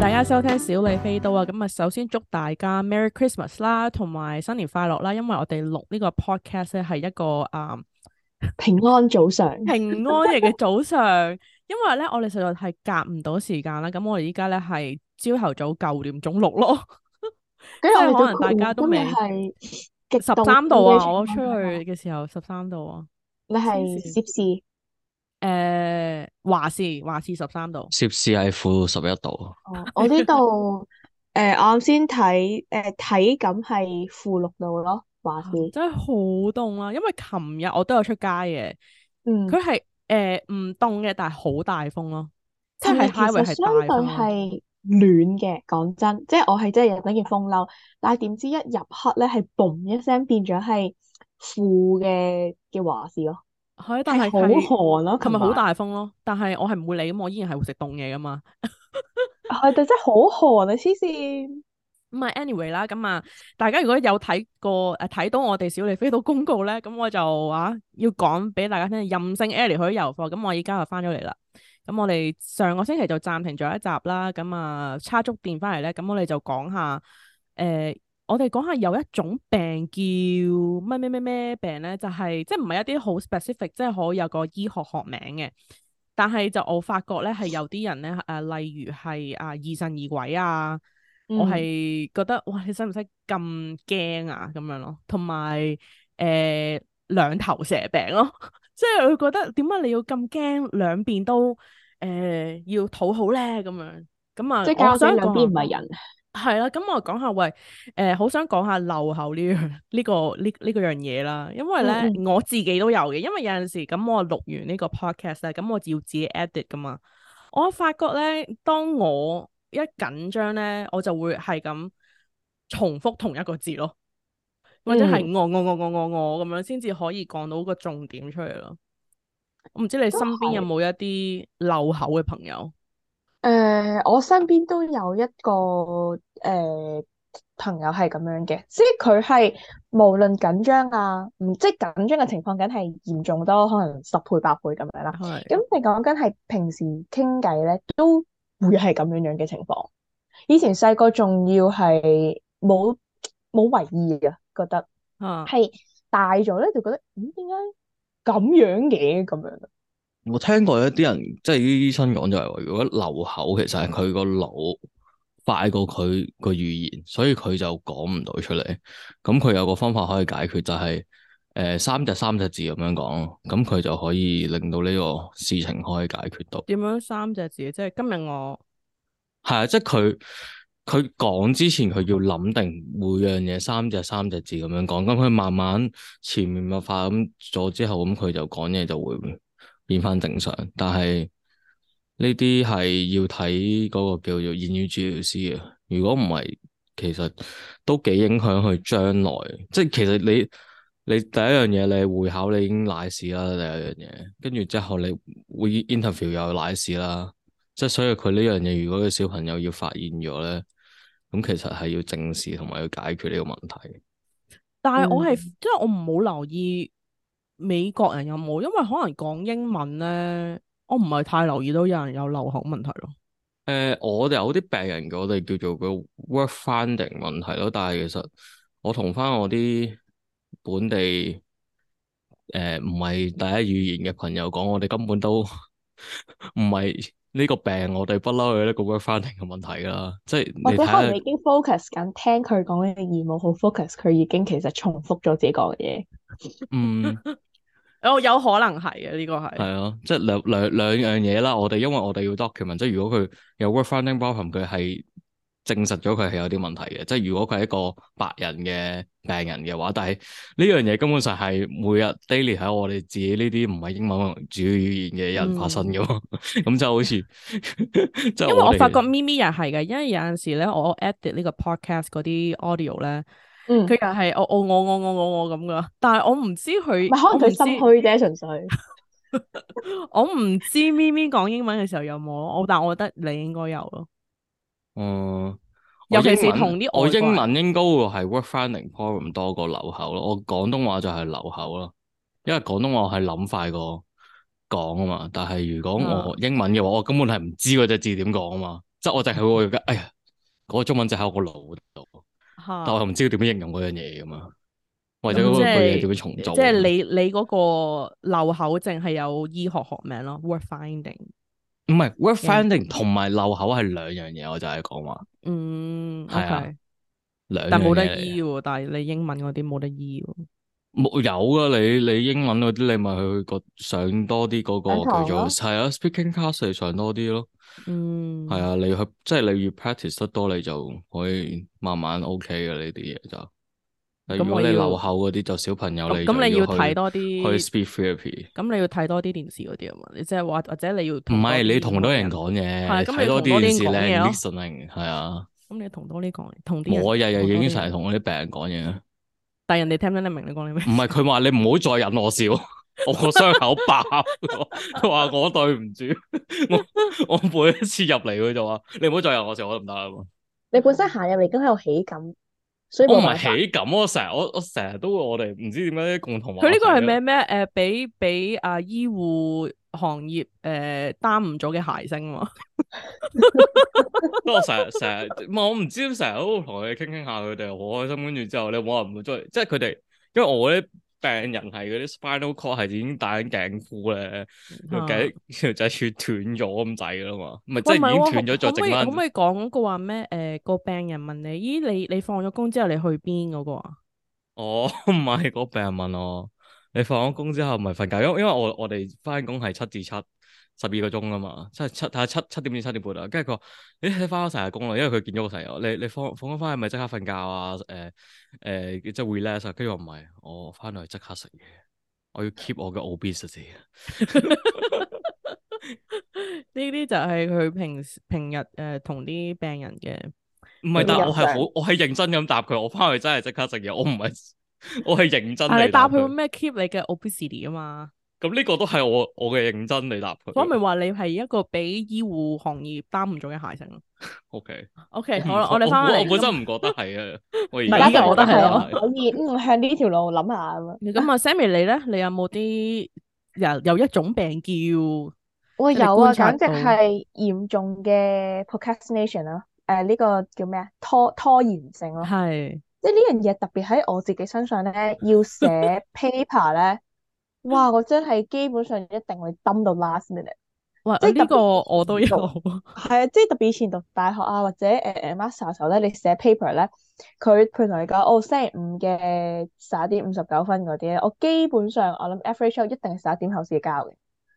大家收聽小李飛刀啊！咁啊，首先祝大家 Merry Christmas 啦，同埋新年快樂啦！因為我哋錄呢個 podcast 咧，係一個啊、uh, 平安早上，平安夜嘅早上。 因為咧，我哋實在係夾唔到時間啦。咁我哋依家咧係朝頭早九點鐘錄咯。因 係可能大家都未。十三度啊！我出去嘅時候十三度啊！你係攝氏誒，華氏華氏十三度，攝氏係負十一度。 我呢度誒，我啱、呃、先睇誒、體、呃、感係負六度咯，華氏、啊。真係好凍啊！因為琴日我都有出街嘅，嗯，佢係誒唔凍嘅，但係好大風咯、啊。其實相對係暖嘅，講真，即係我係真係入緊件風褸，但係點知一入黑咧，係嘣一聲變咗係負嘅嘅華氏咯。係，但係好寒咯，琴日好大風咯？天但係我係唔會理會，咁我依然係會食凍嘢噶嘛。係、 啊，但真係好寒啊！黐線。唔係，anyway 啦，咁啊，大家如果有睇過誒睇、呃、到我哋小麗飛到公告咧，咁我就話、啊、要講俾大家聽，任性 Alex i 遊貨，咁我而家就翻咗嚟啦。咁我哋上個星期就暫停咗一集啦。咁啊，叉足電翻嚟咧，咁我哋就講下誒。呃我哋講下有一種病叫咩咩咩咩病咧，就係、是、即係唔係一啲好 specific，即係可以有個醫學學名嘅。但係就我發覺咧，係有啲人咧，誒、呃，例如係啊，疑神疑鬼啊，我係覺得，哇，你使唔使咁驚啊？咁樣咯，同埋誒，兩頭蛇病咯， 即係佢覺得點解你要咁驚兩邊都誒、呃、要討好咧？咁樣咁啊，即係我想兩邊唔係人。係啦，咁我講下喂，誒、呃，好想講下漏口呢樣呢個呢呢、這個樣嘢、這個這個、啦，因為咧、嗯、我自己都有嘅，因為有陣時咁我錄完個 cast, 呢個 podcast 咧，咁我要自己 edit 噶嘛，我發覺咧當我一緊張咧，我就會係咁重複同一個字咯，或者係我、嗯、我我我我我咁樣先至可以講到個重點出嚟咯。我唔知你身邊有冇一啲漏口嘅朋友？誒、呃，我身邊都有一個誒、呃、朋友係咁樣嘅，即係佢係無論緊張啊，唔即係緊張嘅情況，梗係嚴重多可能十倍、倍、百倍咁樣啦。係。咁你講緊係平時傾偈咧，都會係咁樣樣嘅情況。以前細個仲要係冇冇為意嘅，覺得啊，係大咗咧就覺得，嗯，點解咁樣嘅咁樣我聽過一啲人，即係啲醫生講就係，如果漏口其實係佢個腦快過佢個語言，所以佢就講唔到出嚟。咁佢有個方法可以解決，就係、是、誒、呃、三隻三隻字咁樣講，咁佢就可以令到呢個事情可以解決到。點樣三隻字？即係今日我係啊，即係佢佢講之前，佢要諗定每樣嘢三隻三隻字咁樣講，咁佢慢慢潛移默化咁咗之後，咁佢就講嘢就會。變翻正常，但係呢啲係要睇嗰個叫做言語治療師啊。如果唔係，其實都幾影響佢將來。即係其實你你第一樣嘢你會考你已經賴屎啦，第二樣嘢跟住之後你會 interview 又賴屎啦。即係所以佢呢樣嘢，如果個小朋友要發現咗咧，咁其實係要正視同埋要解決呢個問題。但係我係、嗯、即係我唔冇留意。美國人有冇？因為可能講英文咧，我唔係太留意到有人有流口問題咯。誒、呃，我哋有啲病人嘅，我哋叫做個 workfinding 問題咯。但係其實我同翻我啲本地誒唔係第一語言嘅朋友講，我哋根本都唔係呢個病，我哋不嬲有啲 workfinding 嘅問題㗎啦。即係或者看看可能已經 focus 緊，聽佢講嘅二母好 focus，佢已經其實重複咗自己講嘅嘢。嗯。 有有可能係嘅，呢、這個係係啊，即係兩兩兩樣嘢啦。我哋因為我哋要 document，即係如果佢有 word finding problem，佢係證實咗佢係有啲問題嘅。即係如果佢係一個白人嘅病人嘅話，但係呢樣嘢根本上係每日 daily 喺我哋自己呢啲唔係英文主要語言嘅人發生嘅喎。咁就好似因為我發覺咪咪又係嘅，因為有陣時咧，我 edit 呢個 podcast 嗰啲 audio 咧。佢又係我我我我我我我咁噶，但係我唔知佢，可能佢心虛啫，純粹。 我唔知咪咪講英文嘅時候有冇，我但係我覺得你應該有咯。哦、嗯，尤其是同啲我英文應該會係 word finding problem 多過漏口咯，嗯，我廣東話就係漏口咯，因為廣東話係諗快過講啊嘛。但係如果我英文嘅話，我根本係唔知嗰隻字點講啊嘛，即係我就係我覺得，哎呀，嗰、嗰個中文就喺我個腦度。但係我唔知道點樣形容嗰樣嘢噶嘛，或者嗰個嘢點樣重做、嗯？即係你你嗰個漏口淨係有醫學學名咯，word finding。唔係 word finding 同埋漏口係兩樣嘢，我就係講話。嗯，係啊。兩 Okay, 但冇得醫嘅，但係你英文嗰啲冇得醫。冇有啊，你你英文嗰啲你咪去個上多啲嗰個叫做係啊 speaking class 上多啲咯，嗯係啊你去即係你越 practice 得多你就可以慢慢 OK 嘅呢啲嘢就，如果你留口嗰啲就小朋友你就要去 speech therapy 咁你要睇多啲電視嗰啲啊嘛，你即係或或者你要唔係你同多人講嘢睇多啲電視咧 listening 係啊，咁你同多啲講，同啲人我日日已經成日同嗰啲病人講嘢。但人哋聽唔聽得明，你講你咩？唔係佢話你唔好再引我笑，我個傷口爆。佢話我對唔住，我我每一次入嚟，佢就話，你唔好再引我笑，我都唔得啦。你本身行入嚟已經喺度起咁。所以我唔係喜感，我成日我我成日都會，我哋唔知點解共同話佢呢、啊、個係咩咩？誒、呃，俾俾阿醫護行業誒耽誤咗嘅諧星嘛。呃、不過我成日成日，唔係我唔知，成日都同佢哋傾傾下，佢哋好開心。跟住之後咧，我又唔會追，即係佢哋，因為我咧。病人係嗰啲 spinal cord 係已經戴緊頸箍咧，就計條仔血斷咗咁滯啦嘛，咪即係已經斷咗再整翻。可唔可以講嗰個話咩？誒、呃，嗰個病人問你，咦，你你放咗工之後你去邊嗰、嗰個啊？哦，唔係，個病人問我，你放咗工之後唔係瞓覺，因因為我我哋翻工係七至七。十二個鐘啊嘛，即係七睇下七七點至七點半啊，跟住佢話，咦、欸，你翻咗成日工啦，因為佢見咗個朋友，你你放放咗翻去，咪即刻瞓覺啊？誒、呃、誒、呃，即係 relax 啊？跟住我唔係，我翻去即刻食嘢，我要 keep 我嘅 obesity。呢 啲 就係佢平平日誒同啲病人嘅。唔係，但我係好，我係認真咁答佢，我翻去真係即刻食嘢，我唔係， 我係認真。係你答佢咩？keep 你嘅 obesity 啊嘛。咁呢個都係我我嘅認真嚟答佢。我咪話你係一個俾醫護行業耽誤咗嘅諧星咯。O K O K，好啦，我哋翻去。我本身唔覺得係啊，而家就覺得係咯。可以，嗯，向呢條路諗下咯。咁阿 Sammy，你咧，你有冇啲有有一種病叫？我有啊，簡直係嚴重嘅 procrastination 啦。誒，呢個叫咩啊？拖拖延性咯。係。即係呢樣嘢特別喺我自己身上咧，要寫 paper 咧。哇！我真係基本上一定會等到 last minute，哇！即係呢個我都有，係啊！即係特別以前讀大學啊，或者誒誒、呃、master 嘅時候咧，你寫 paper 咧，佢會同你講哦，星期五嘅十一點五十九分嗰啲咧，我基本上我諗 every show 一定係十一點後先交嘅，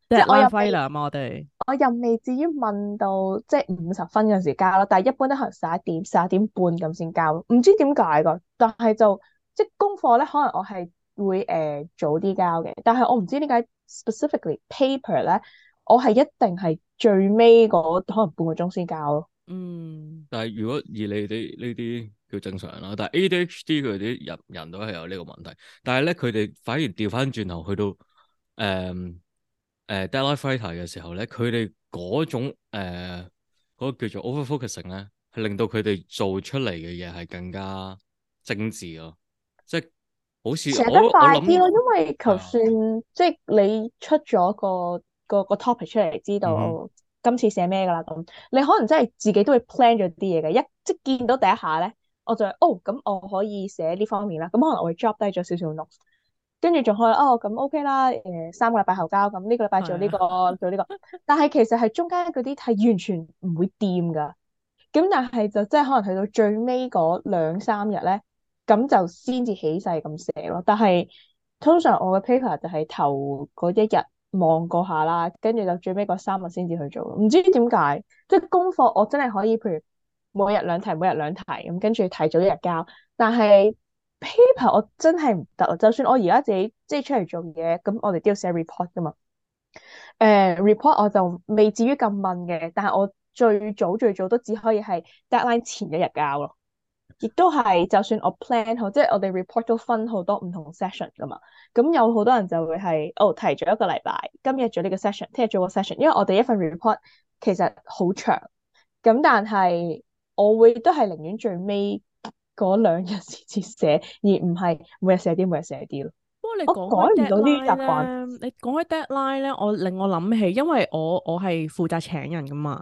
即係我有 fail 啊嘛，我哋我又未至於問到即係五十分嗰陣時交咯，但係一般都可能十一點、十一點半咁先交，唔知點解噶，但係就即係功課咧，可能我係。會誒、呃、早啲交嘅，但係我唔知點解 specifically paper 咧，我係一定係最尾嗰、那個、可能半個鐘先交咯。嗯，但係如果以你哋呢啲叫正常人啦，但係 ADHD 佢啲人人都係有呢個問題，但係咧佢哋反而調翻轉頭去到誒誒、呃呃、deadline fighter 嘅時候咧，佢哋嗰種誒、呃那個、叫做 over focusing 咧，係令到佢哋做出嚟嘅嘢係更加精緻咯，即、就、係、是。好似寫得快啲咯，因為就算、嗯、即係你出咗個個個 topic 出嚟，知道今次寫咩噶啦咁。你可能真係自己都會 plan 咗啲嘢嘅，一即係見到第一下咧，我就哦咁我可以寫呢方面啦。咁、嗯、可能我會 drop 低咗少少 note，跟住仲可以哦咁 OK 啦。誒、呃、三個禮拜後交咁，呢個禮拜做呢、呢個是、啊、做呢、呢個呢個。但係其實係中間嗰啲係完全唔會掂噶。咁但係就即係可能去到最尾嗰兩三日咧。 咁就先至起勢咁寫咯，但係通常我嘅 paper 就係頭嗰一日望過下啦，跟住就最尾嗰三日先至去做。唔知點解，即係功課我真係可以，譬如每日兩題，每日兩題咁，跟住提早一日交。但係 paper 我真係唔得，就算我而家自己即係出嚟做嘢，咁我哋都要寫 report 噶嘛。誒 report 我就未至於咁慢嘅，但係我最早最早都只可以係 deadline 前一日交咯。亦都係，就算我 plan 好，即係我哋 report 都分好多唔同 session 噶嘛。咁有好多人就會係哦，提早一個禮拜，今日做呢個 session，聽日做個 session。因為我哋一份 report 其實好長，咁但係我會都係寧願最尾嗰兩日先至寫，而唔係每日寫啲，每日寫啲咯。講不過你講唔到呢習慣，你講開 deadline 咧，我令我諗起，因為我我係負責請人噶嘛。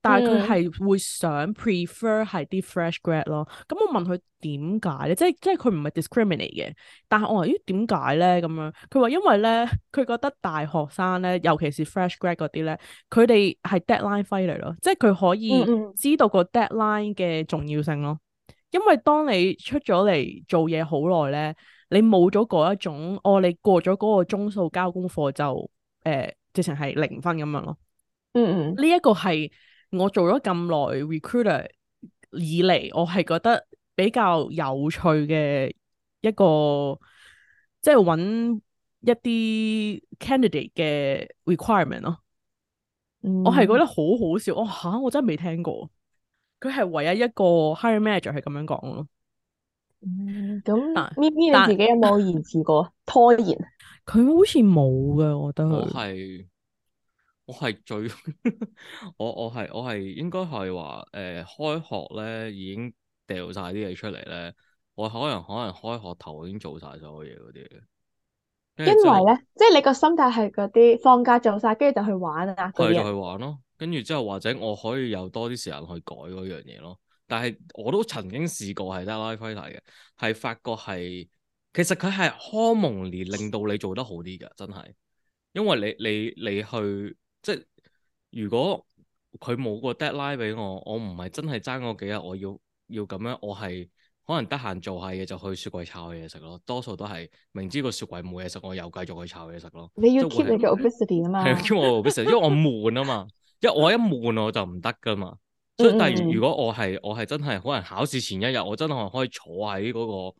但係佢係會想 prefer 係啲 fresh grad 咯，咁我問佢點解咧？即係即係佢唔係 discriminate 嘅，但係我話咦點解咧？咁樣佢話因為咧，佢覺得大學生咧，尤其是 fresh grad 嗰啲咧，佢哋係 deadline 飛嚟咯，即係佢可以知道個 deadline 嘅重要性咯。 因為當你出咗嚟做嘢好耐咧，你冇咗嗰一種哦，你過咗嗰個鐘數交功課就誒，呃、直情係零分咁樣咯。嗯嗯，呢一個係。我做咗咁耐 recruiter 以嚟，我係覺得比較有趣嘅一個，即係搵一啲 candidate 嘅 requirement 咯。嗯、我係覺得好好笑，我、哦、吓、啊、我真係未聽過，佢係唯一一個 hiring manager 係咁樣講咯。嗯，咁 B B 你自己有冇延遲過、拖延？佢 好似冇嘅，我覺得係。哦我係最 我我係我係應該係話誒開學咧已經掉晒啲嘢出嚟咧，我可能可能開學頭已經做晒所有嘢嗰啲。就是、因為咧，即係你個心態係嗰啲放假做晒，跟住就去玩啊。跟住就去玩咯，跟住之後或者我可以有多啲時間去改嗰樣嘢咯。但係我都曾經試過係得拉飛題嘅，係發覺係其實佢係康蒙年令到你做得好啲㗎，真係，因為你你你，你去。即係如果佢冇個 deadline 俾我，我唔係真係爭嗰幾日，我要要咁樣，我係可能得閒做下嘢就去雪櫃炒嘢食咯。多數都係明知個雪櫃冇嘢食，我又繼續去炒嘢食咯。你要 You you keep 你嘅是 your obesity 啊嘛，keep 我 obesity，因為我悶啊嘛， 因為我一悶我就唔得噶嘛。所以但係如果我係我係真係可能考試前一日，我真係可能可以坐喺嗰、那個誒、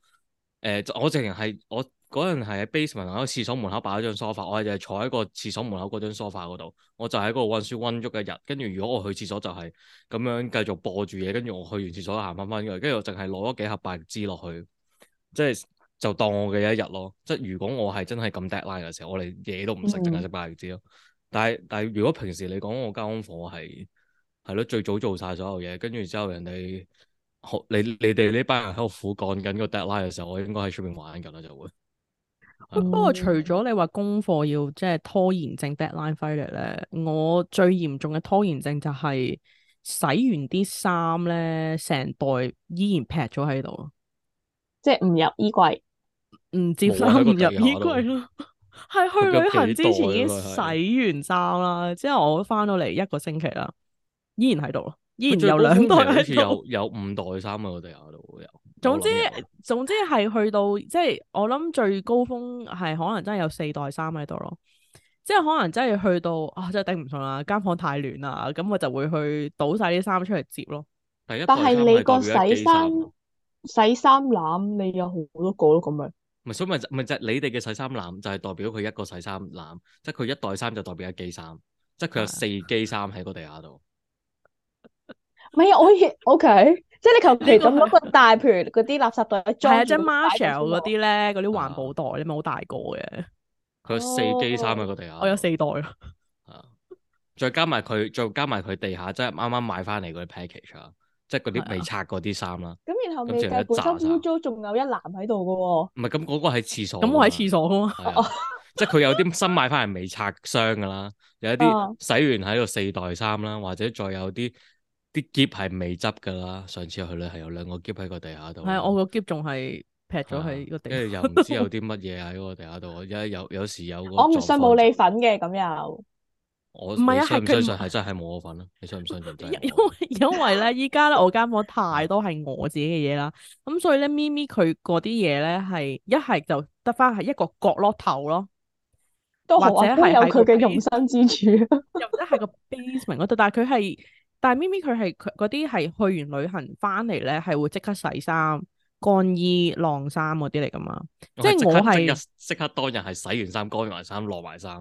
呃，我直情係我。嗰陣係喺 basement 同埋廁所門口擺咗張 sofa，我係就係坐喺個廁所門口嗰張 sofa 嗰度，我就喺嗰度溫書溫喐一日。跟住如果我去廁所就係咁樣繼續播住嘢，跟住我去完廁所行翻翻去。跟住我淨係攞咗幾盒白玉滋落去，即係就當我嘅一日咯。即係如果我係真係咁 deadline 嘅時候，我哋嘢都唔食，淨係食白玉滋咯。但係但係如果平時你講我交功課係係咯最早做晒所有嘢，跟住之後人哋好你你哋呢班人喺度苦幹緊個 deadline 嘅時候，我應該喺出邊玩緊啦就會。嗯、不過除咗你話功課要即係拖延症 deadline f i 忽略咧，我最嚴重嘅拖延症就係洗完啲衫咧，成袋依然劈咗喺度咯，即係唔入衣櫃，唔摺衫唔入衣櫃咯。係 去旅行之前已經洗完衫啦， 之後我翻到嚟一個星期啦，依然喺度咯，依然有兩袋喺度，有五袋衫喺我哋地下度有。總之總之係去到，即係我諗最高峰係可能真係有四袋衫喺度咯，即係可能真係去到啊真係頂唔順啦，間房間太亂啦，咁我就會去倒晒啲衫出嚟接咯。第一，但係你個洗衫洗衫籃你有好多個咯，咁樣唔係，所以咪咪就係你哋嘅洗衫籃就係代表佢一個洗衫籃，即係佢一袋衫就代表一機衫，即係佢有四機衫喺個地下度。係啊的， 我 OK。 即係你求其咁一個大盤嗰啲垃圾袋，係有即 Marshall 嗰啲咧，嗰啲環保袋你咪好大個嘅。佢有四件衫喺地下，我有四袋咯。啊，再加埋佢，再加埋佢地下，即係啱啱買翻嚟嗰啲 package，即係嗰啲未拆過啲衫啦。咁然後未計本身污糟，仲有一籃喺度噶喎。唔係，咁嗰個喺廁所。咁我喺廁所啊。即係佢有啲新買翻嚟未拆箱噶啦，有一啲洗完喺度四袋衫啦，或者再有啲。啲夾係未執噶啦，上次去旅行有兩個夾喺個地下度。係我個夾仲係劈咗喺個地。又唔知有啲乜嘢喺個地下度。我一有有時有。我唔信冇你份嘅咁又。我唔係啊，係唔相信？係真係冇我份咯。你信唔相信？因為因為咧，依家咧我間房太多係我自己嘅嘢啦。咁所以咧，咪咪佢嗰啲嘢咧係一係就得翻係一個角落頭咯。都或者係有佢嘅容身之處，又或者係個 basement 嗰度，但係佢係。但係咪咪佢係佢嗰啲係去完旅行翻嚟咧係會即刻洗衫、乾衣、晾衫嗰啲嚟噶嘛？即係我係即刻當日係洗完衫、乾完衫、晾埋衫。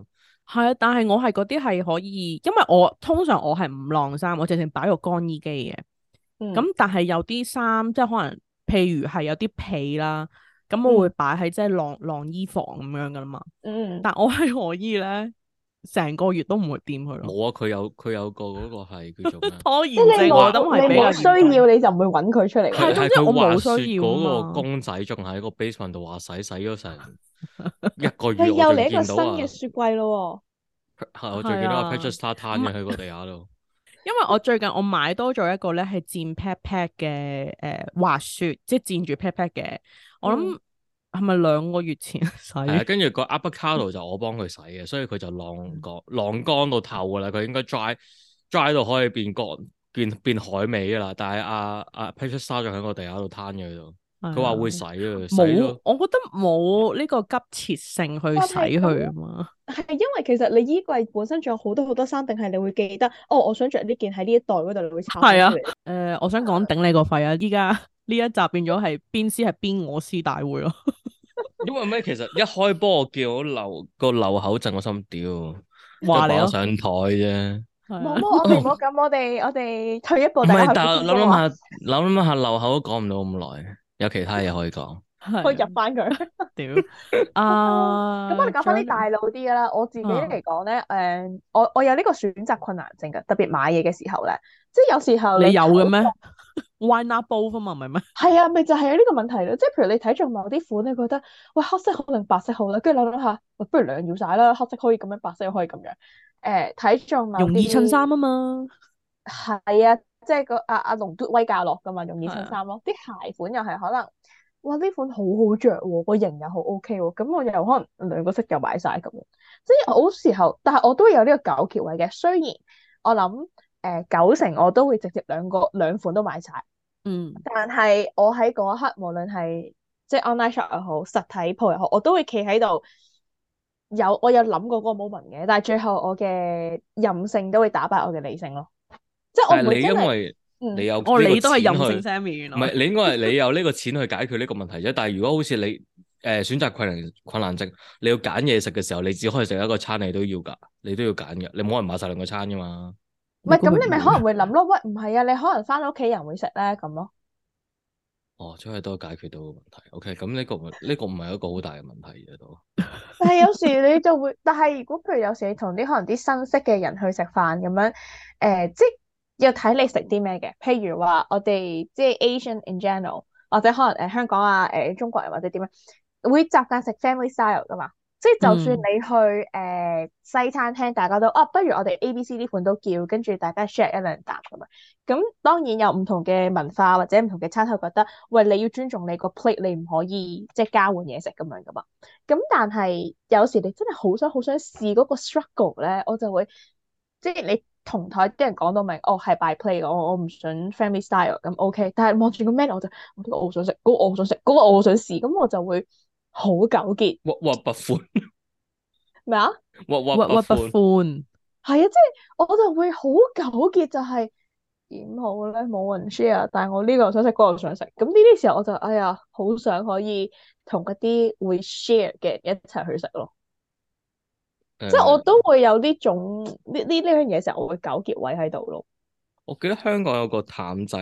係啊，但係我係嗰啲係可以，因為我通常我係唔晾衫，我直情擺個乾衣機嘅。咁、嗯、但係有啲衫即係可能，譬如係有啲被啦，咁我會擺喺即係晾晾衣房咁樣噶啦嘛。嗯，但我係可以咧。成個月都唔會掂佢咯。冇啊，佢有佢有個嗰個係叫做咩？即係你話係？你冇需要你就唔會揾佢出嚟。係，總之我冇需要嗰個公仔仲喺個 basement 度話洗洗咗成一個月。係、 啊、 又嚟一個新嘅雪櫃咯。係， 我最記得佢出沙灘嘅喺個地下度。啊、 因為我最近我買多咗一個咧，係占 pat pat 嘅誒，滑雪 即係占住 pat pat 嘅，我諗、嗯。係咪兩個月前洗？跟住個 uppercut 就我幫佢洗嘅，嗯、所以佢就晾乾晾乾到透噶啦。佢應該 dry dry 到可以變乾、變變海味噶啦。但係阿阿 Patrick 沙就喺我地下度攤嘅佢度，佢話會洗啊，洗冇，我覺得冇呢個急切性去洗佢啊嘛。係、啊、因為其實你衣櫃本身仲有好多好多衫，定係你會記得哦，我想着呢件喺呢一袋嗰度，你會抄。係啊。誒、呃，我想講頂你個肺啊！依家呢一集變咗係邊絲係邊我絲大會咯。 因為咩？其實一開波我叫到流個漏口震我心屌，話你上台啫。唔好唔好咁，我哋我哋退一步。唔係，哦，但諗諗下，諗諗下漏口都講唔到咁耐，有其他嘢可以講，可以入翻佢。屌啊！咁、 啊、我哋講翻啲大路啲嘅啦。我自己嚟講咧，誒、啊，我我有呢個選擇困難症噶特別買嘢嘅時候咧，即係有時候你，你有嘅咩？Why not both 啊嘛，唔係咩？係啊，咪就係有呢個問題咯。即係譬如你睇中某啲款，你覺得喂，黑色可能白色好啦，跟住諗諗下，喂，不如兩要晒啦。黑色可以咁樣，白色可以咁樣。誒、呃，睇中某啲容易襯衫啊嘛。係啊，即係個阿阿龍 d 威教落噶嘛，容易襯衫咯。啲、啊、鞋款又係可能，哇，呢款好好着、哦，個型又好 OK 喎、哦。咁我又可能兩個色又買晒咁樣。即係好多時候，但係我都有呢個糾結位嘅。雖然我諗。誒，uh, 九成我都會直接兩個兩款都買晒，嗯。但係我喺嗰一刻，無論係即係 online shop 又好，實體鋪又好，我都會企喺度有我有諗過嗰個 moment 嘅，但係最後我嘅任性都會打敗我嘅理性咯。即係我每因為你有、嗯、我你都係任性 Sammy 原來唔係你應該係你有呢個錢去解決呢個問題啫。但係如果好似你誒、呃、選擇困難困難症，你要揀嘢食嘅時候，你只可以食一個餐，你都要噶，你都要揀噶，你唔可能買晒兩個餐噶嘛。 唔係，咁你咪可能會諗咯，喂，唔係啊，你可能翻到屋企人會食咧，咁咯。哦，出去都解決到個問題。OK，咁呢、呢個唔呢、呢個唔係一個好大嘅問題嘅都。 但係有時你就會，但係如果譬如有時你同啲可能啲新識嘅人去食飯咁樣，誒、呃，即要睇你食啲咩嘅。譬如話我哋即係 Asian in general，或者可能誒香港啊、誒、呃、中國人、啊、或者點樣，會習慣食 family style 噶嘛。即係就算你去誒、呃、西餐廳，大家都啊，不如我哋 A、B、C 呢款都叫，跟住大家 share 一兩啖咁啊。咁當然有唔同嘅文化或者唔同嘅餐廳覺得，喂，你要尊重你個 plate，你唔可以即係交換嘢食咁樣噶嘛。咁但係有時你真係好想好想試嗰個 struggle 咧，我就會即係你同台啲人講到明，哦係 by plate，我我唔想 family style 咁 OK。但係望住個 menu，我就我呢個我好想食，嗰個我好想食，嗰、嗰個嗰個我好想試，咁、嗰個、我，我就會。好糾結，鬱鬱不歡。咩啊？鬱鬱鬱鬱不歡。係啊，即係我就會好糾結、就是，就係點好咧？冇人 share，但係我呢個我想食，嗰、那個,個想食。咁呢啲時候，我就哎呀，好想可以同嗰啲會 share 嘅一齊去食咯。即係、嗯、我都會有呢種呢呢呢樣嘢時候，我會糾結位喺度咯。我記得香港有個譚仔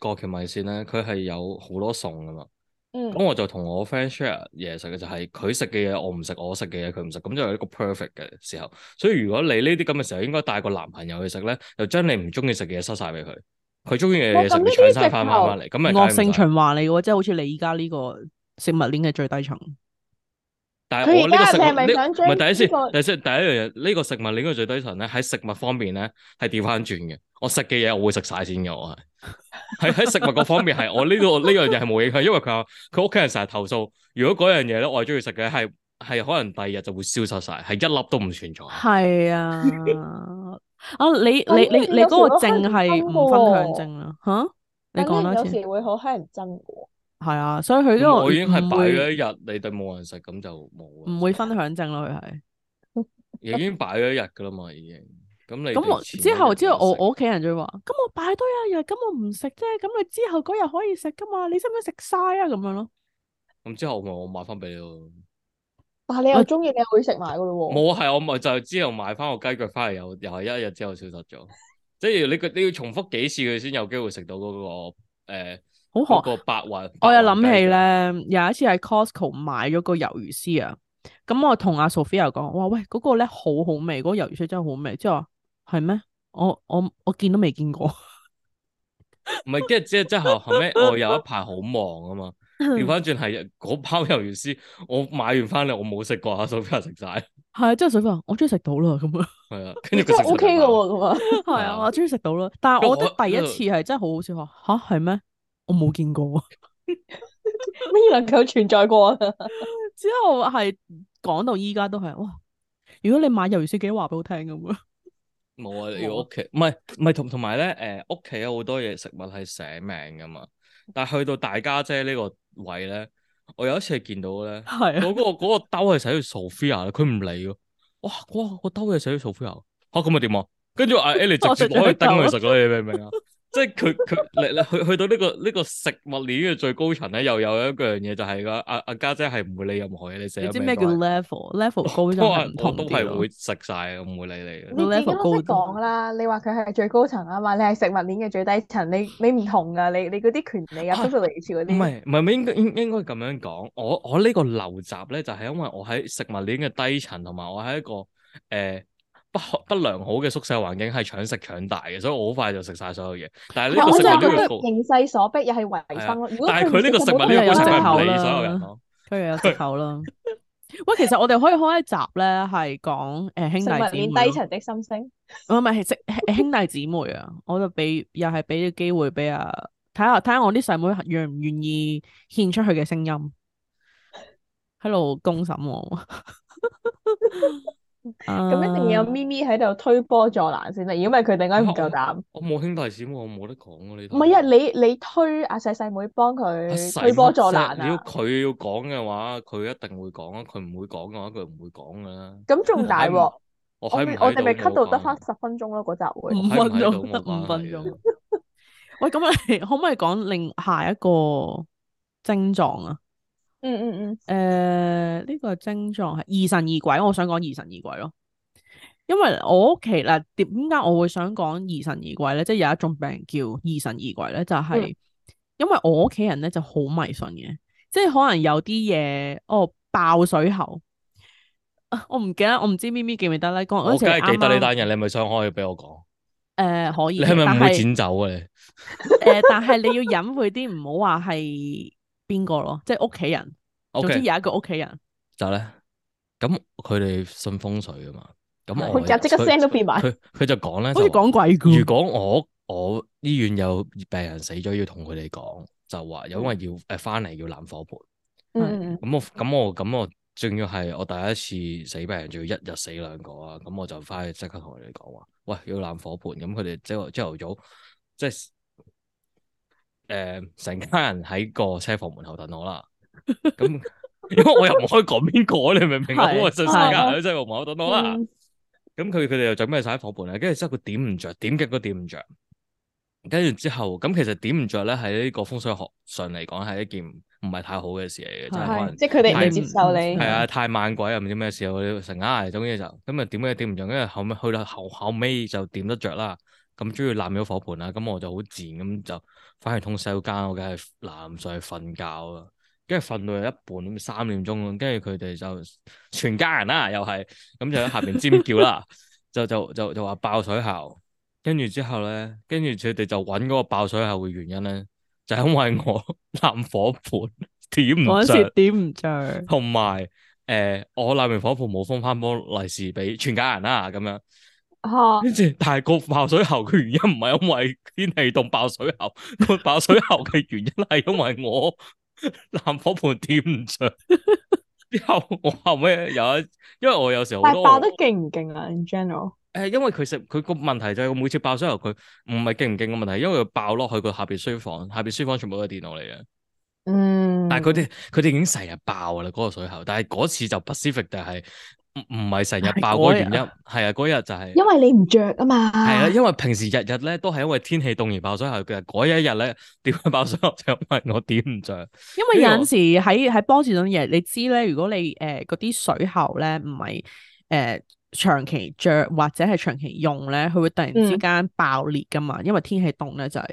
過橋米線咧，佢係有好多餸㗎嘛。咁、嗯、我就同我 friend share 嘢食嘅就係佢食嘅嘢我唔食，我食嘅嘢佢唔食，咁就係一個 perfect 嘅時候。所以如果你呢啲咁嘅時候應該帶個男朋友去食咧，就將、是、你唔中意食嘅嘢塞晒俾佢，佢中意嘅嘢食搶晒翻翻翻嚟，咁咪惡性循環嚟嘅，即係好似你而家呢個食物鏈嘅最低層。但係我呢個食物唔係第一先，第一、這個、第一樣嘢呢個食物鏈嘅最低層咧喺食物方面咧係掉翻轉嘅，我食嘅嘢我會食晒先嘅，我係。係喺 食物嗰方面，係我呢度呢樣嘢係冇影響，因為佢話佢屋企人成日投訴，如果嗰樣嘢咧我中意食嘅，係係可能第二日就會消失晒，係一粒都唔存在。係啊， 啊你你你你嗰個症係唔分享症啊？吓，你講多次，有時會好乞人憎噶，係 啊，所以佢都我已經係擺咗一日，會你哋冇人食咁就冇，唔會分享症咯，佢係 已經擺咗一日噶啦嘛，已經。咁你咁之後之後我我屋企人就話：咁我擺多一日，咁我唔食啫。咁你之後嗰日可以食噶嘛？你使唔使食晒啊？咁樣咯。咁之後我買翻俾你咯。但係、啊啊、你又中意，你又會食埋噶咯喎。冇啊，係我咪就係、是、之後買翻個雞腳翻嚟，又又係一日之後消失咗。 即係你你要重複幾次佢先有機會食到嗰、那個好嗰、欸、 個白雲。白我有諗起咧，有一次喺 Costco 買咗個魷魚絲啊。咁我同阿 Sophia 講：哇喂，嗰、那個咧好好味，嗰、那個魷魚絲真係好味。之後。係咩？我我我見都未見過，唔係， 即係即係，後後尾我有一排好忙啊嘛。調翻轉係嗰包魷魚絲，我買完翻嚟我冇食過啊，水花食晒。係啊，即係水花，我中意食到啦咁啊。係啊，跟住佢 O K 噶咁啊，係啊， 我中意食到啦。到但係我覺得第一次係真係好好笑，話吓係咩？我冇見過，咩能夠存在過？ 之後係講到依家都係哇！如果你買魷魚絲，記得話俾我聽咁啊！ 冇啊，你要屋企，唔係唔係同同埋咧，誒屋企有好、呃、多嘢食物係寫名噶嘛，但係去到大家姐呢個位咧，我有一次係見到咧，嗰的、嗰個嗰、嗰個兜係寫咗 Sophia，佢唔理喎，哇哇，嗰個兜係寫咗 Sophia，嚇咁咪點啊？跟住阿 Ellie 直接攞去叮佢食咯，你明唔明啊？ 即係佢佢嚟嚟去去到呢、呢個呢、呢個食物鏈嘅最高層咧，又有一個樣嘢就係個阿阿家姐係唔會理任何嘢，你寫你啲咩叫 level？level 高咗，我都係會食晒，曬，唔會理你。你 level 高，講啦，你話佢係最高層啊嘛，你係食物鏈嘅最低層，你你唔同你你你啊，你你嗰啲權利啊，出到嚟似嗰啲。唔係唔係，應該應應該咁樣講。我我呢個流集咧，就係、是、因為我喺食物鏈嘅低層，同埋我喺一個誒。呃不不良好嘅宿舍環境係搶食搶大嘅，所以我好快就食晒所有嘢。但係呢個食物都越高。就是、形勢所逼又係為生，但係佢呢個食物呢又有折扣啦。佢又有折扣啦。 喂，其實我哋可以開一集咧，係講誒兄弟姊妹。面低層的心聲。唔係唔係，即兄弟姊妹啊，我就俾又係俾啲機會俾啊，睇下睇下我啲細妹願唔願意獻出佢嘅聲音。喺度公審我。 咁、啊、一定有咪咪喺度推波助瀾先啦，如果唔係佢哋應該唔夠膽。我冇兄弟姊妹，我冇得講啊！你唔係啊，你你推阿細細妹幫佢推波助瀾。如果佢要講嘅話，佢一定會講啊！佢唔會講嘅話，佢唔會講噶啦。咁仲大鑊！我哋咪 cut 到得翻十分鐘咯，嗰集會五分鐘，得五分鐘。 喂，咁你可唔可以講另下一個症狀啊？嗯嗯嗯，誒、嗯，呢、呃這個症狀係疑神疑鬼，我想講疑神疑鬼咯。因為我屋企嗱，點解我會想講疑神疑鬼咧？即、就、係、是、有一種病叫疑神疑鬼咧，就係、是、因為我屋企人咧就好迷信嘅，即係可能有啲嘢哦爆水喉，啊、我唔記得，我唔知咪咪記唔記得咧。剛剛我梗係記得你單人，你咪想可以俾我講。誒、呃，可以。你係咪唔會剪走啊？誒是、 呃，但係你要隱晦啲，唔好話係。邊個咯，即係屋企人，Okay. 總之有一個屋企人就咧，咁佢哋信風水啊嘛，咁佢就即刻聲都變埋，佢就講咧，好似講鬼故。如果我我醫院有病人死咗，要同佢哋講，就話有因為要誒翻嚟要攬火盆，咁、嗯、我咁我咁我仲要係我第一次死病人，仲要一日死兩個啊，咁我就翻去即刻同佢哋講話，喂要攬火盆。」咁佢哋朝朝頭早即。誒，成、呃、家人喺個車房門口等我啦，咁 因為我又唔可以講邊個， 你明唔明啊？成是家真係無等我啦，咁佢佢哋又準備晒火盆啊跟住、嗯、之後佢點唔着，點極都點唔着，跟住之後咁其實點唔着咧，喺呢個風水學上嚟講係一件唔係太好嘅事嚟嘅，即係可能即係佢哋唔接受你，係啊，太猛鬼又唔知咩時候成家總之就咁啊，點解點唔着，跟住後尾去到後後尾就點得着啦。咁中意攬咗火盆啦，咁我就好自然咁就翻去通洗手間，我梗係攬上去瞓覺啦。跟住瞓到一半，咁三點鐘，跟住佢哋就全家人啦、啊，又係咁就喺下邊尖叫啦， 就就就就話爆水喉。跟住之後咧，跟住佢哋就搵嗰個爆水喉嘅原因咧，就係因為我攬火盆點唔著，點唔著。同埋，誒、呃，我攬完火盆冇封翻波利是俾全家人啦、啊，咁樣。跟住，但係個爆水喉嘅原因唔係因為天氣凍爆水喉，個 爆水喉嘅原因係因為我藍火盆點唔上，之 後我後尾有一，因為我有時候好多，但係爆得勁唔勁啊？In general，誒，因為其實佢個問題就係每次爆水喉，佢唔係勁唔勁嘅問題，因為佢爆落去個下邊書房，下邊書房全部都係電腦嚟嘅。嗯，但係佢哋佢哋已經成日爆啦，嗰、那個水喉，但係嗰次就 Pacific 就係。唔唔係成日爆嗰原因，係天啊嗰日就係、是，因為你唔着？啊嘛。係啊，因為平時日日咧都係因為天氣凍而爆水喉嘅，嗰一日咧點樣爆水喉就問我點唔着。因為有陣時喺喺波士頓嘢，你知咧，如果你誒嗰啲水喉咧唔係誒長期着或者係長期用咧，佢會突然之間爆裂噶嘛。嗯、因為天氣凍咧就係、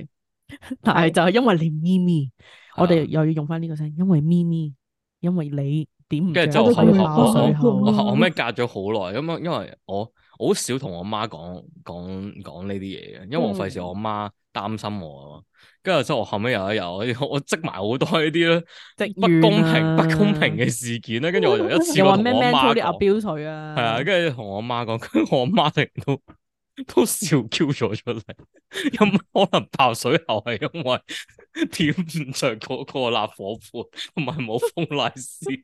是，但係就係因為你咪咪，嗯、我哋又要用翻呢個聲，因為咪咪，因為你。點？跟住就後後我我後尾隔咗好耐，咁啊因為我好少同我媽講講講呢啲嘢嘅，因為我費事我媽擔心我啊嘛。跟住之後我後尾有一日，我我積埋好多呢啲咧，即係不公平不公平嘅事件咧。跟住我就一次過同我媽。係啊，跟住同我媽講，我媽成日都都笑 Q 咗出嚟，有可能爆水喉係因為。 點唔着個蠟火盤，同埋冇風拉絲，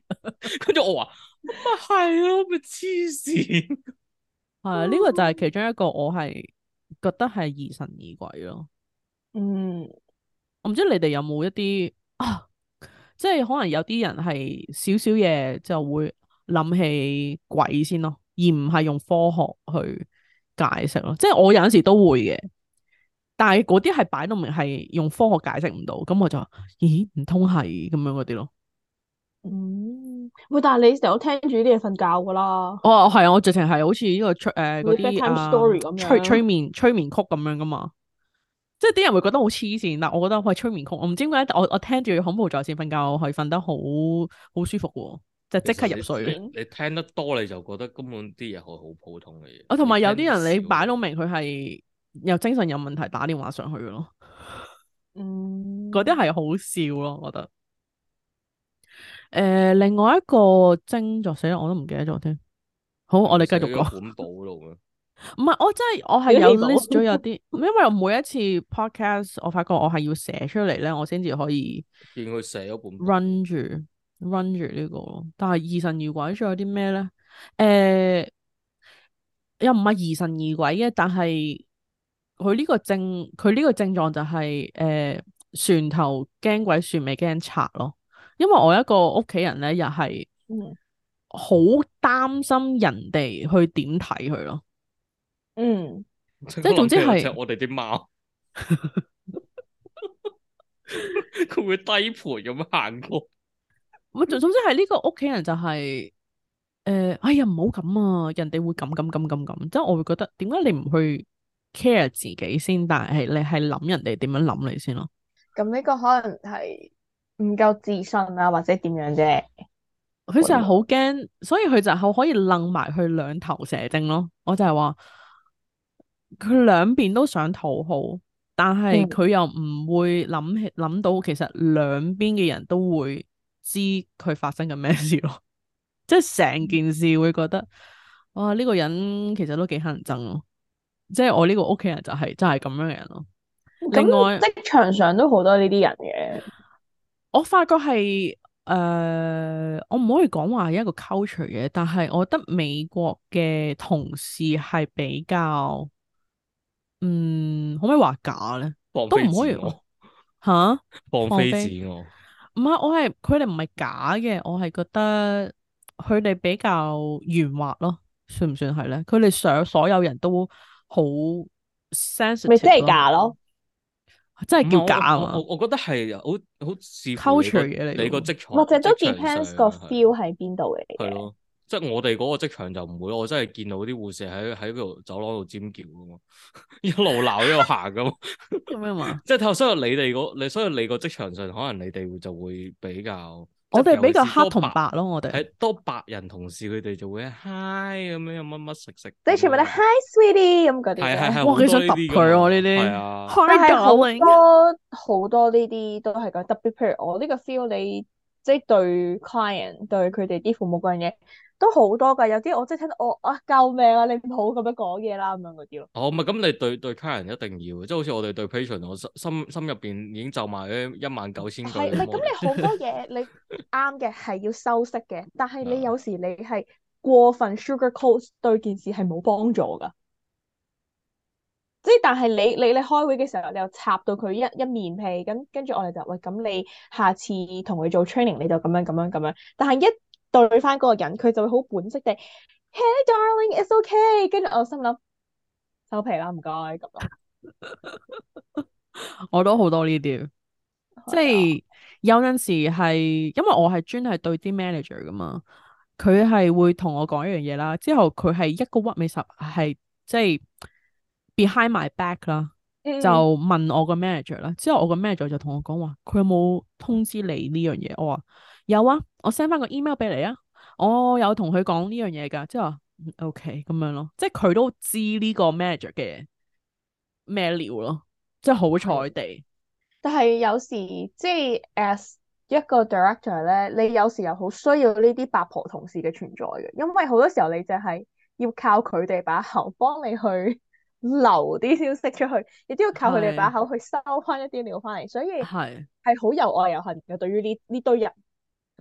跟 住我話咪係咯，咪黐線。係啊，呢、 啊這個就係其中一個我係覺得係疑神疑鬼咯。嗯，我唔知你哋有冇一啲啊，即係可能有啲人係少少嘢就會諗起鬼先咯，而唔係用科學去解釋咯。即係我有陣時都會嘅。但係嗰啲係擺到明係用科學解釋唔到，咁我就話咦唔通係咁樣嗰啲咯。嗯，喂！但係你成日聽住啲嘢瞓覺噶啦。哦，係、這個呃、啊，我直情係好似呢個催誒嗰啲催催眠催眠曲咁樣噶嘛。嗯、即係啲人會覺得好黐線，但我覺得喂催眠曲，我唔知點解我我聽住恐怖在線瞓覺，係瞓得好好舒服喎，就即刻入睡你你你。你聽得多你就覺得根本啲嘢係好普通嘅嘢。啊，同埋有啲人你擺到明佢係。有精神有問題打電話上去嘅咯，嗯，嗰啲係好笑咯，我覺得。誒、呃，另外一個精作死，我都唔記得咗添。好，我哋繼續講。本簿嗰度唔係，我真係我係有 list 咗有啲，因為我每一次 podcast，我發覺我係要寫出嚟咧，我先至可以見寫。見佢寫咗本。run 住，run 住呢個咯，但係、呃、疑神疑鬼仲有啲咩咧？誒，又唔係疑神疑鬼嘅，但係。佢呢個症，佢呢個症狀就係、是，誒、呃、船頭驚鬼，船尾驚賊賊咯。因為我一個屋企人咧，又係，好擔心人哋去點睇佢咯。嗯，即係總之係我哋啲貓，佢 會低盤咁行過。唔係總之係呢個屋企人就係、是，誒、呃，哎呀唔好咁啊！人哋會咁咁咁咁咁，即係我會覺得點解你唔去？care 自己先，但係你係諗人哋點樣諗你先咯。咁呢個可能係唔夠自信啊，或者點樣啫、啊？佢成日好驚，所以佢就好可以楞埋佢兩頭蛇精咯。我就係話佢兩邊都想討好，但係佢又唔會諗起諗到，其實兩邊嘅人都會知佢發生緊咩事咯。即係成件事會覺得哇，呢、這個人其實都幾乞人憎咯、啊。即係我呢個屋企人就係、是、就係、是、咁樣嘅人咯。另外職場上都好多呢啲人嘅。我發覺係誒、呃，我唔可以講話係一個 culture 嘅，但係我覺得美國嘅同事係比較，嗯，可唔可以話假咧？都唔可以吓。放飛紙我唔係，我係佢哋唔係假嘅。我係覺得佢哋比較圓滑咯，算唔算係咧？佢哋想所有人都。好 sense 咪即係假咯，真係叫假啊！我我覺得係好好似 culture 嘢，你個 Culture 的職場或者都 depends 個 feel 喺邊度嚟。係咯，即係我哋嗰個職場就唔會，我真係見到啲護士喺喺度走廊度尖叫噶嘛， 一路鬧一路行咁。咁樣嘛，即係睇所以你哋嗰你所以你個職場上可能你哋會就會比較。我哋比較黑同白咯，我哋係多白人同事，佢哋就會 hi 咁樣乜乜食食，即係全部都 hi sweetie 咁嗰啲，我好想揼佢我呢啲，好些、啊、多好 多呢啲都係咁，特別譬如我呢個 feel 你，即、就、係、是、對 client 對佢哋啲父母嗰樣嘢。都好多㗎，有啲我真係聽到我啊，救命啊！你唔好咁樣講嘢啦，咁樣嗰啲咯。哦，唔係，咁你對對 client 一定要，即係好似我哋對 patron，我心心入邊已經就埋一萬九千。係，你咁 你好多嘢你啱嘅係要修飾嘅，但係你有時你係過分 sugarcoat 對件事係冇幫助㗎。即係但係你你你開會嘅時候你又插到佢一一面皮，咁跟住我哋就喂咁你下次同佢做 training 你就咁樣咁樣咁樣，但係一。對翻嗰個人，佢就會好本色地，Hey darling，it's okay。跟住我心諗收皮啦，唔該咁咯。Y, 我都好多呢啲， 即係有陣時係，因為我係專係對啲 manager 噶嘛，佢係會同我講一樣嘢啦。之後佢係一個屈尾十，係，即係 behind my back 啦， 就問我個 manager 啦。之後我個 manager 就同我講話，佢有冇通知你呢樣嘢？我話。有啊，我 send 翻個 email 俾你啊，我、哦、有同佢講呢樣嘢噶，即係話、嗯、OK 咁樣咯，即係佢都知呢個 manager 嘅咩料咯，即係好彩地。但係有時即係 as 一個 director 咧，你有時候好需要呢啲八婆同事嘅存在嘅，因為好多時候你就係要靠佢哋把口幫你去留啲消息出去，亦都要靠佢哋把口去收翻一啲料翻嚟，所以係係好又愛又恨嘅對於呢呢堆人。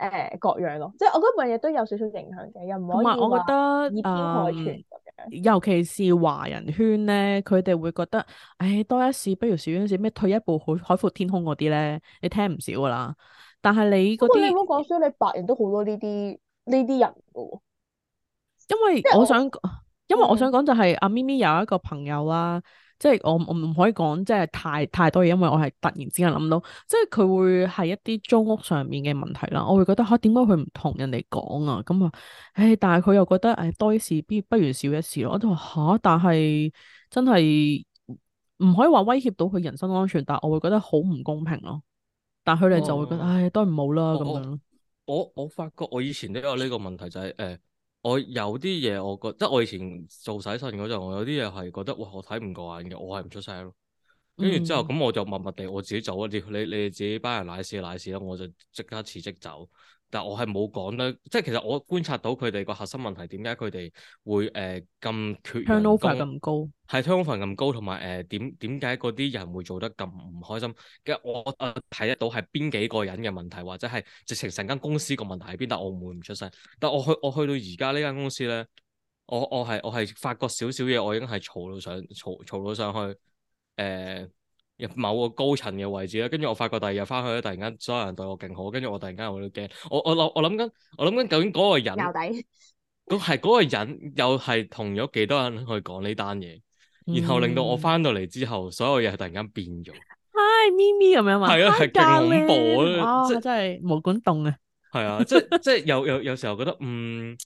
誒、呃、各樣咯，即係我覺得每日都有少少影響嘅，又唔可以話以偏概全咁樣、嗯嗯。尤其是華人圈咧，佢哋會覺得，唉，多一事不如少一事，咩退一步海海闊天空嗰啲咧，你聽唔少噶啦。但係你嗰啲，你冇講衰，你白人都好多呢啲呢啲人噶喎。因為我想，我因為我想講就係、是、阿、嗯啊、咪咪有一個朋友啦、啊。即係我我唔可以講即係太太多嘢，因為我係突然之間諗到，即係佢會係一啲租屋上面嘅問題啦。我會覺得嚇點解佢唔同人哋講啊？咁啊，唉、哎，但係佢又覺得唉、哎、多一事必不如少一事咯。我都話嚇，但係真係唔可以話威脅到佢人身安全，但係我會覺得好唔公平咯。但係佢哋就會覺得唉我、哎、都係唔好啦咁我樣我。我我發覺我以前都有呢個問題就係、是、誒。呃我有啲嘢我覺得，即係我以前做洗腎嗰陣，我有啲嘢係覺得，喂，我睇唔過眼嘅，我係唔出聲咯。跟住之後咁我就默默地我自己走啊，屌你你自己班人瀨屎瀨屎啦，我就即刻辭職走。但我係冇講得，即係其實我觀察到佢哋個核心問題，點解佢哋會誒咁、呃、缺人 turnover 咁高，係 turnover 咁高，同埋誒點點解嗰啲人會做得咁唔開心？嘅我誒睇得到係邊幾個人嘅問題，或者係直情成間公司個問題喺邊？但係我唔會唔出聲。但我去我去到而家呢間公司咧，我我係我係發覺少少嘢，我已經係嘈到上嘈嘈到上去誒。呃某個高層嘅位置咧，跟住我發覺第二日翻去咧，突然間所有人對我勁好，跟住我突然間我都驚，我我諗我諗緊，我諗緊究竟嗰個人，到底，咁係嗰個人又係同咗幾多人去講呢單嘢，嗯、然後令到我翻到嚟之後，所有嘢係突然間變咗 h、哎、咪咪咁樣嘛，係啊係勁恐怖啊，真真係冇管動啊，係啊，即即又又 有，有時候覺得嗯，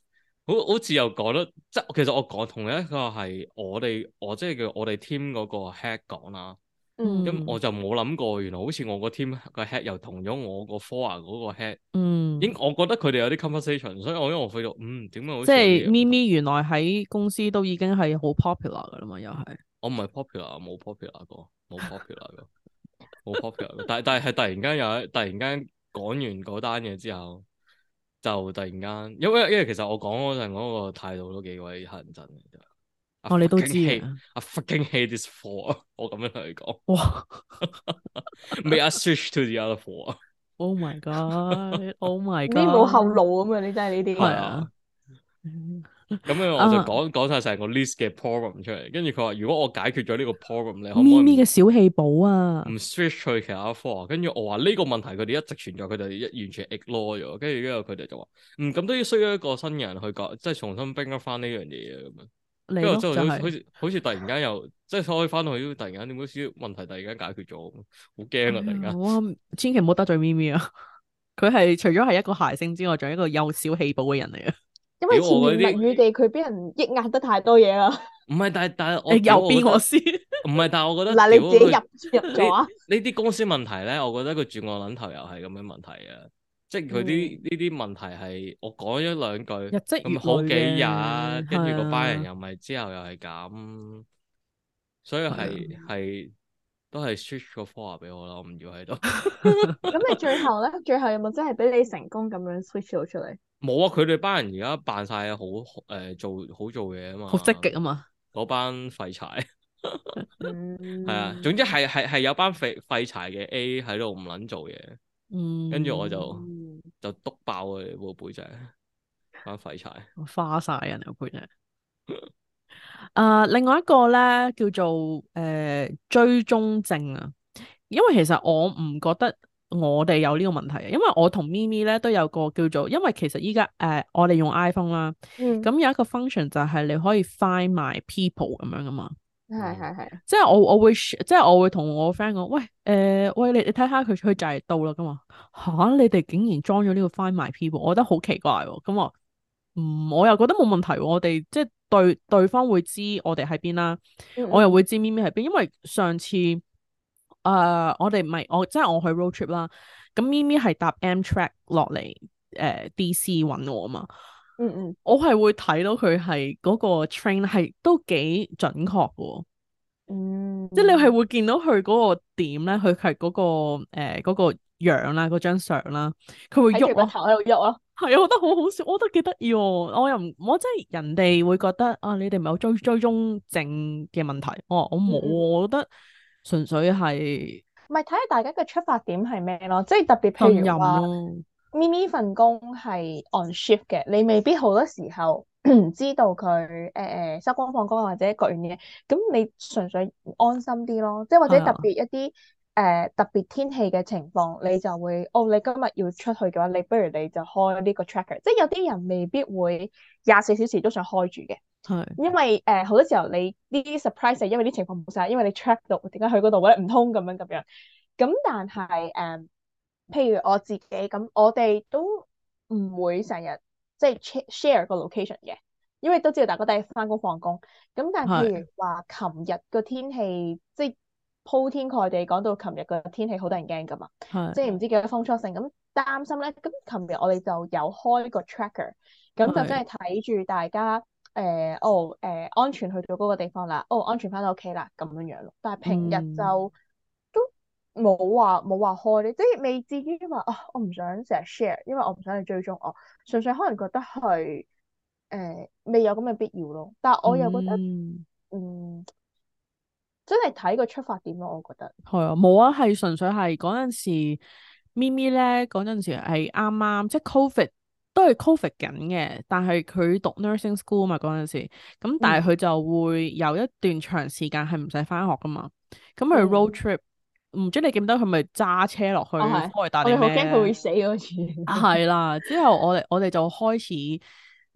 好好似又講得，即其實我講同一個係我哋我即叫我哋 team 嗰個 head 講啦。嗯，咁我就冇諗過，原來好似我個 team 個 head 又同咗我個 four 嗰個 head，嗯，已經我覺得佢哋有啲 conversation，所以我因為我 feel 到，嗯，點解好似即係咪咪原來喺公司都已經係好 popular 噶啦嘛，又係我唔係 popular，冇 popular 過，冇 popular 過，冇 popular 過，但但係突然間有，突然間講完嗰單嘢之後，就突然間，因為因為其實我講嗰陣嗰個態度都幾鬼乞人憎哦，你都知啊！I fucking hate this four。我咁樣同佢講哇，make us switch to the other four。Oh my god！Oh my god！你冇後路啊嘛？你真係呢啲係啊。咁樣我就講講晒成個 list 嘅 problem 出嚟，跟住佢話如果我解決咗呢個 problem，你可唔可以？咪嘅小氣寶啊！唔 switch 去其他 four。跟住我話呢個問題佢哋一直存在，佢哋一完全 ignore 咗。跟住之後佢哋就話嗯咁都要需要一個新人去講，即係重新 bring up 翻呢樣嘢啊咁樣。因為之後好似好似突然間、就是、又即係可以翻到去，突然間點解少問題突然間解決咗，好驚啊！突然間，哇，千祈唔好得罪咪咪啊！佢係除咗係一個諧星之外，仲係一個幼小氣補嘅人嚟啊！因為前言物語地，佢俾些人抑壓得太多嘢啦。唔係，但係但係我又變、哎、我先，唔係，但係我覺得嗱，你自己入入咗啊！呢啲 公司問題咧，我覺得佢轉個諗頭又係咁樣問題啊！即係佢啲呢啲問題係我講咗兩句，咁好幾日，跟住個班人又咪之後又係咁，所以係係的都係 switch 個方案俾我囉，我唔要喺度。咁 你最後咧， 最後有冇真係俾你成功咁樣 switch 咗出嚟？冇啊！佢哋班人而家扮晒好誒、呃，做好做嘢啊嘛，好積極啊嘛，嗰班廢柴。係 啊、嗯， 總之係係係有班廢廢柴嘅 A 喺度唔撚做嘢，嗯，跟住我就。 就篤爆佢個背脊，翻廢柴，花晒人個背脊。誒，另外一個咧叫做誒、呃、追蹤症啊，因為其實我唔覺得我哋有呢個問題，因為我同咪咪咧都有個叫做，因為其實依家誒我哋用 iPhone 啦，咁、嗯、有一個 function 就係你可以 find my people 咁樣噶嘛。係係係，即係我我會即係我會同我 friend 講，喂，誒、呃，喂，你看看你睇下佢佢就嚟到啦咁啊，吓你哋竟然裝咗呢個 Find My People，我覺得好奇怪喎，哦，咁啊，嗯，我又覺得冇問題，哦，我哋即係對對方會知我哋喺邊啦， 我又會知咪咪喺邊，因為上次誒、呃、我哋唔係我即係我去 road trip 啦，咁咪咪係搭 M Track 落嚟誒 D C 搵我啊嘛。嗯嗯，mm hmm. 我係會睇到佢係嗰個 train 係都幾準確嘅，嗯、mm，hmm. 即係你係會見到佢嗰個點咧，佢係嗰個誒、呃嗰個樣啦，嗰張相啦，佢會喐咯，頭喺度喐咯，係啊，我覺得好好笑，我覺得幾得意，我又唔，我即係人哋會覺得啊，你哋咪有追追蹤症嘅問題，我我冇，mm hmm. 我覺得純粹係，唔係睇下大家嘅出發點係咩咯，即、就、係、是、特別譬如話。咪咪份工係 on shift 嘅，你未必好多時候 知道佢誒誒收工放工或者各樣嘢，咁你純粹安心啲咯。即係或者特別一啲誒、哎呦呃、特別天氣嘅情況，你就會哦，你今日要出去嘅話，你不如你就開呢個 tracker。即係有啲人未必會廿四小時都想開住嘅，係是因為誒好、呃、多時候你呢啲 surprise 係因為啲情況冇晒，因為你 track 到點解去嗰度咧唔通咁樣咁樣。咁但係誒。呃。譬如我自己咁，我哋都唔會成日即係 share 個 location 嘅，因為都知道大家都係翻工放工，咁但係譬如話琴日個天氣即係鋪天蓋地講到琴日個天氣好得人驚噶嘛，是即係唔知幾多風速性咁擔心咧，咁琴日我哋就有開一個 tracker，咁就真係睇住大家誒是、呃，哦誒、呃、安全去到嗰個地方啦，哦安全翻到屋企啦咁樣樣咯，但係平日就。嗯冇話冇話開你即係未至於話啊、哦！我唔想成日 share，因為我唔想去追蹤我，純粹可能覺得係誒、呃、未有咁嘅必要咯。但係我又覺得，嗯，嗯，真係睇個出發點咯。我覺得係啊，冇啊，係純粹係嗰陣時，咪咪咧，嗰陣時係啱啱即係 COVID 都係 COVID 緊嘅，但係佢讀 nursing school 嘛，嗰陣時咁，但係佢就會有一段長時間係唔使返學㗎嘛，咁佢 road trip。嗯唔知你記得佢咪揸車落去、哦、是開大電咩？我哋好驚佢會死嗰次。係啦，之後我哋我哋就開始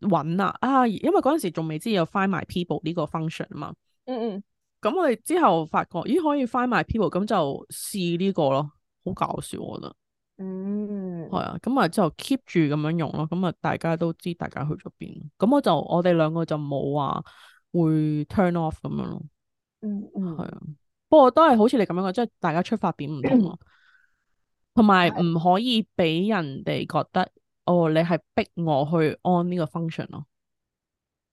搵啦，啊，因為嗰陣時仲未知有 find my people 呢個 function 啊嘛。嗯嗯。咁我哋之後發覺咦可以 find my people，咁就試呢個咯，好搞笑我覺得。嗯,嗯。係啊，咁啊之後 keep 住咁樣用咯，咁啊大家都知大家去咗邊，咁我就我哋兩個就冇話會 turn off 咁樣咯。嗯嗯。係啊。不過都係好似你咁樣嘅，即係大家出發點唔同，同埋唔可以俾人哋覺得的哦，你係逼我去安呢個 function 咯。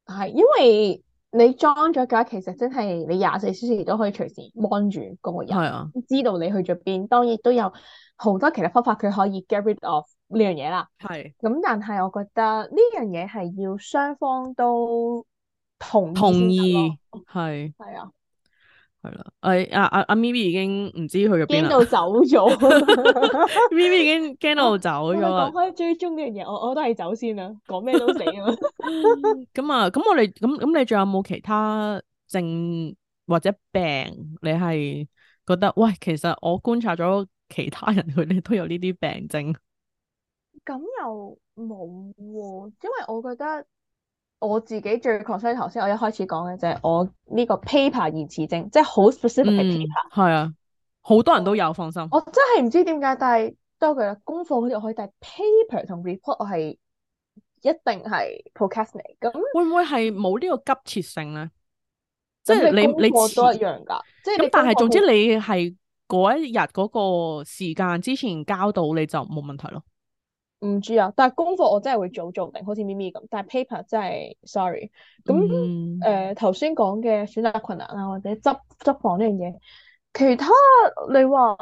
係，因為你裝咗嘅話，其實真係你廿四小時都可以隨時望住嗰個人，係啊的，知道你去咗邊。當然都有好多其他方法，佢可以 get rid of 呢樣嘢啦。係的。咁但係我覺得呢樣嘢係要雙方都同意同意，係係啊。係啦，誒、阿阿阿咪咪已經唔知去邊度走咗，咪咪已經驚到走咗啦。講開最終呢樣嘢，我我都係走先啦，講咩都死啊。咁啊，咁我哋咁咁，你仲有冇其他症或者病？你係覺得喂，其實我觀察咗其他人，佢哋都有呢啲病症。咁又冇，因為我覺得。我自己最 concern 頭先我一開始講嘅就係、是、我呢個 paper 延遲症，即係好 specific 嘅 paper。係、嗯、啊，好多人都有放心。我真係唔知點解，但係多句啦，功課好似可以，但係 paper 同 report 我係一定係 procrastinate。咁會唔會係冇呢個急切性咧？即係你你都一樣㗎。即係咁，但係總之你係嗰一日嗰個時間之前交到你就冇問題咯。唔知啊，但係功課我真係會早做定，好似咪咪咁。但係 paper 真係 sorry。咁誒，頭先講嘅選擇困難啊，或者執執房呢樣嘢，其他你話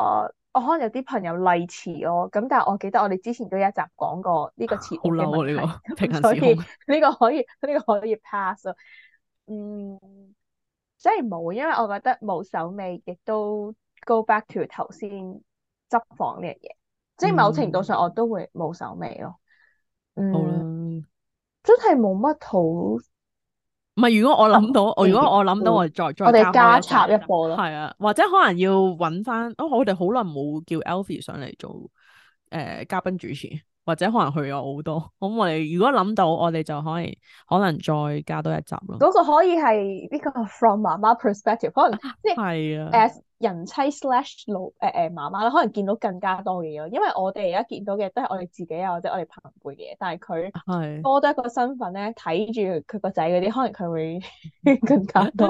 我可能有啲朋友例遲咯。咁但係我記得我哋之前都有一集講過呢個詞好嬲啊呢、這個平衡 所以呢、這個可以呢、這個可以 pass 咯。嗯，即係冇，因為我覺得冇手尾，亦都 go back to 頭先執房呢樣嘢。即係某程度上，我都會冇手尾咯。嗯，好啦，真係冇乜好。唔係如果我諗到，我如果我諗到我再再加我哋加插一波咯，係啊，或者可能要搵翻。哦，我哋好耐冇叫 Alfie 上嚟做誒，呃、嘉賓主持，或者可能去咗好多。咁我哋如果諗到，我哋就可以可能再加多一集咯。嗰個可以係呢個 From Mama Perspective，可能即係係啊。人妻 slash 老誒誒、呃、媽媽啦，可能見到更加多嘢咯，因為我哋而家見到嘅都係我哋自己啊，或者我哋朋輩嘅嘢，但係佢多咗一個身份咧，睇住佢個仔嗰啲，可能佢會 更加多。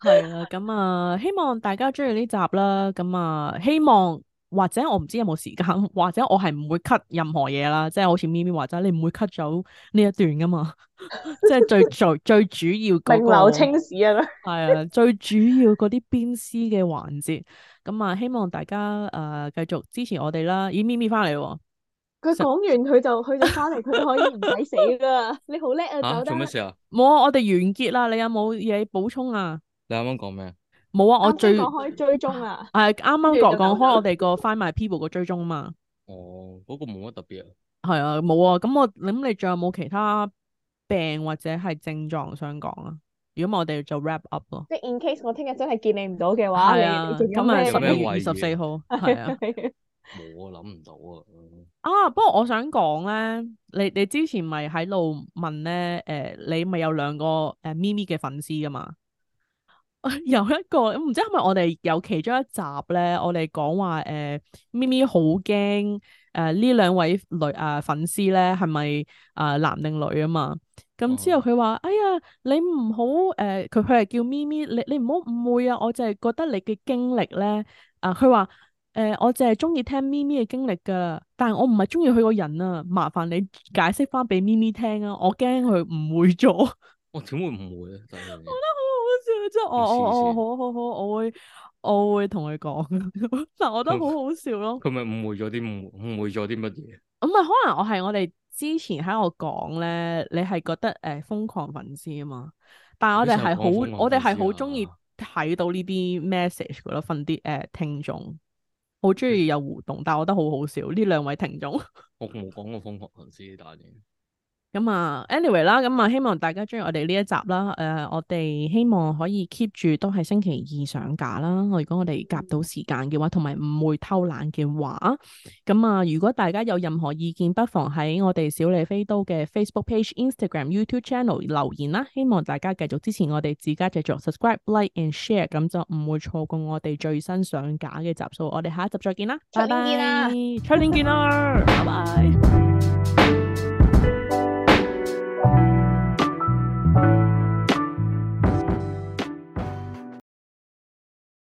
係啊，咁啊，希望大家鍾意呢集啦，咁啊，希望。或者我唔知有冇時間，或者我係唔會 cut 任何嘢啦，即係好似咪咪話齋，你唔會 cut 咗呢一段㗎嘛？即係最最 最主要嗰、那個。名流青史啊！係 啊，最主要嗰啲鞭屍嘅環節。咁、嗯、啊，希望大家誒、呃、繼續支持我哋啦。咦，咪咪翻嚟喎，佢講完佢就佢就翻嚟，佢可以唔使死㗎。 你好叻啊！做乜、啊、事啊？冇啊！我哋完結啦。你有冇嘢補充啊？你啱啱講咩？冇啊，我最可以追蹤啊，係啱啱講講開我哋個 Find My People 個追蹤嘛。哦，嗰、那個冇乜特別啊。係啊，冇啊，咁我諗你仲有冇其他病或者係症狀想講啊？如果唔係我哋就 wrap up 咯。即係 in case 我聽日真係見你唔到嘅話，係啊，今日十一月十四號，係啊，冇啊諗唔到啊。嗯、啊，不過我想講咧，你你之前咪喺度問咧，誒、呃，你咪有兩個誒咪咪嘅粉絲噶嘛？ 有一個唔知係咪我哋有其中一集咧，我哋講話誒咪咪好驚誒呢兩位女啊、呃、粉絲咧係咪啊男定女啊嘛？咁之後佢話：哎呀，你唔好誒，佢佢係叫咪咪，你你唔好誤會啊！我淨係覺得你嘅經歷咧啊，佢話誒，我淨係中意聽咪咪嘅經歷㗎，但係我唔係中意佢個人啊！麻煩你解釋翻俾咪咪聽啊，我驚佢誤會咗。我 點、哦、會誤會咧？我覺得即係 我我我好好好，我會我會同佢講，但我覺得好好笑咯。佢咪誤會咗啲誤會咗啲乜嘢？咁咪可能我係我哋之前喺度講咧，你係覺得誒瘋狂粉絲啊嘛？但係我哋係好我哋係好中意睇到呢啲 message 噶咯，分啲誒聽眾好中意有互動，但係我覺得好好笑呢兩位聽眾 。我冇講過瘋狂粉絲，大年。咁啊 ，anyway 啦，咁啊，希望大家中意我哋呢一集啦。誒、呃，我哋希望可以 keep 住都係星期二上架啦。我如果我哋夾到時間嘅話，同埋唔會偷懶嘅話，咁、嗯、啊，如果大家有任何意見，不妨喺我哋小李飛刀嘅 Facebook page、Instagram、YouTube channel 留言啦。希望大家繼續支持我哋自家製作，subscribe、like and share，咁就唔會錯過我哋最新上架嘅集數。我哋下一集再見啦，拜拜，秋天見啦，拜拜。